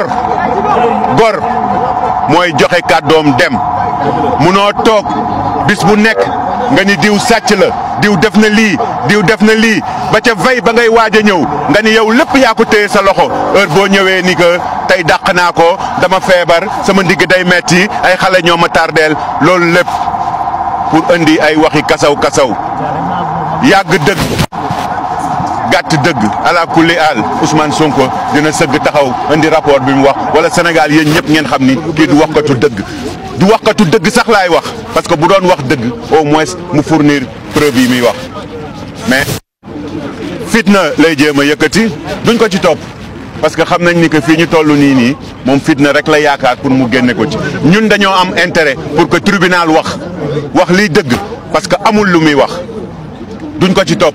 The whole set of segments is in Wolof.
gor gor mooy joxe kàddoom dem munoo toog bis bu nekk nga ni diw sàcc la diw def na lii diw def na lii ba ca vey ba ngay waaj a ñëw nga ni yow lépp yaa ko téye sa loxo heure boo ñëwee ni que tey dàq naa ko dama feebar sama ndigg day metti ay xale ñoo ma tardeel loolu lépp pour indi ay waxi kasaw kasaw yàgg dëgg gatt deug ala kulli al Ousmane Sonko dina seug taxaw andi rapport bi mu wax wala senegal yeen ñep ngeen xam ni kii du waxkatu deug du waxkatu deug sax lay wax parce que bu doon wax deug au moins mu fournir preuve yi mi wax mais fitna lay jema a duñ ko ci top parce que xamnañ ni que fi ñu tollu ni ni mom fitna rek la yaakaar pour mu genné ko ci ñun dañoo am intérêt pour que tribunal wax wax li deug parce que amul lu mi wax duñ ko ci top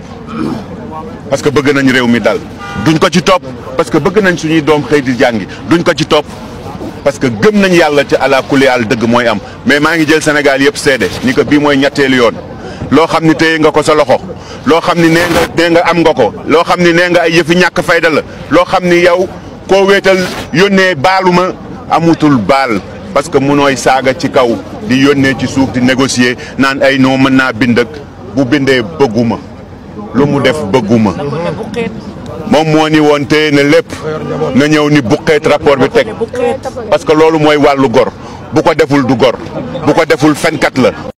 parce que bëgg nañu réew mi dal duñ ko ci topp parce que bëgg nañ suñuy doom xëy di jàngi duñ ko ci topp parce que gëm nañu yàlla ci ala kulli dëgg mooy am mais maa ngi jël Sénégal yëpp seede ni ko bii mooy ñetteelu yoon loo xam ni tey nga ko sa loxo loo xam ni nee nga nga am nga ko loo xam ni nee nga ay yëfi ñàkk fayda la loo xam ni yow koo wéetal yónnee baalu ma amutul baal parce que nooy saaga ci kaw di yónnee ci suuf di négocier naan ay noo mën naa bind ak bu bindee bëgguma lu mu def bëgguma moom moo ni woon téye na lépp na ñëw ni buqeet rapport bi teg parce que loolu mooy wàllu gor bu ko deful du gor bu ko deful fenkat la